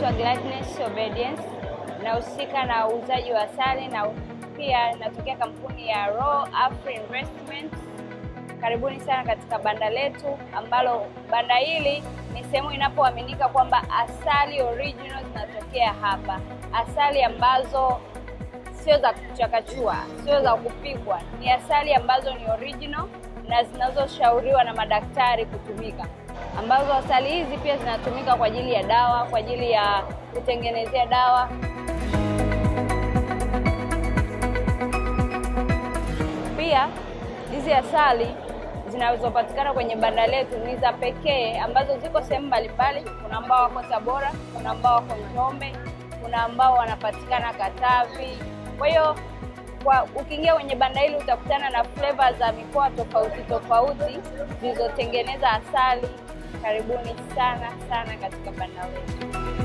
naitwa Gladness Obedience, nahusika na uuzaji wa asali na pia natokea kampuni ya Raw Afri Investments. Karibuni sana katika banda letu, ambalo banda hili ni sehemu inapoaminika kwamba asali original zinatokea hapa, asali ambazo sio za kuchakachua, sio za kupikwa, ni asali ambazo ni original na zinazoshauriwa na madaktari kutumika, ambazo asali hizi pia zinatumika kwa ajili ya dawa, kwa ajili ya kutengenezea dawa. Pia hizi asali zinazopatikana kwenye banda letu ni za pekee ambazo ziko sehemu mbalimbali. Kuna ambao wako Tabora, kuna ambao wako Njombe, kuna ambao wanapatikana Katavi. Kwa hiyo kwa ukiingia kwenye banda hili utakutana na flavor za mikoa tofauti tofauti zilizotengeneza asali. Karibuni sana sana katika banda letu.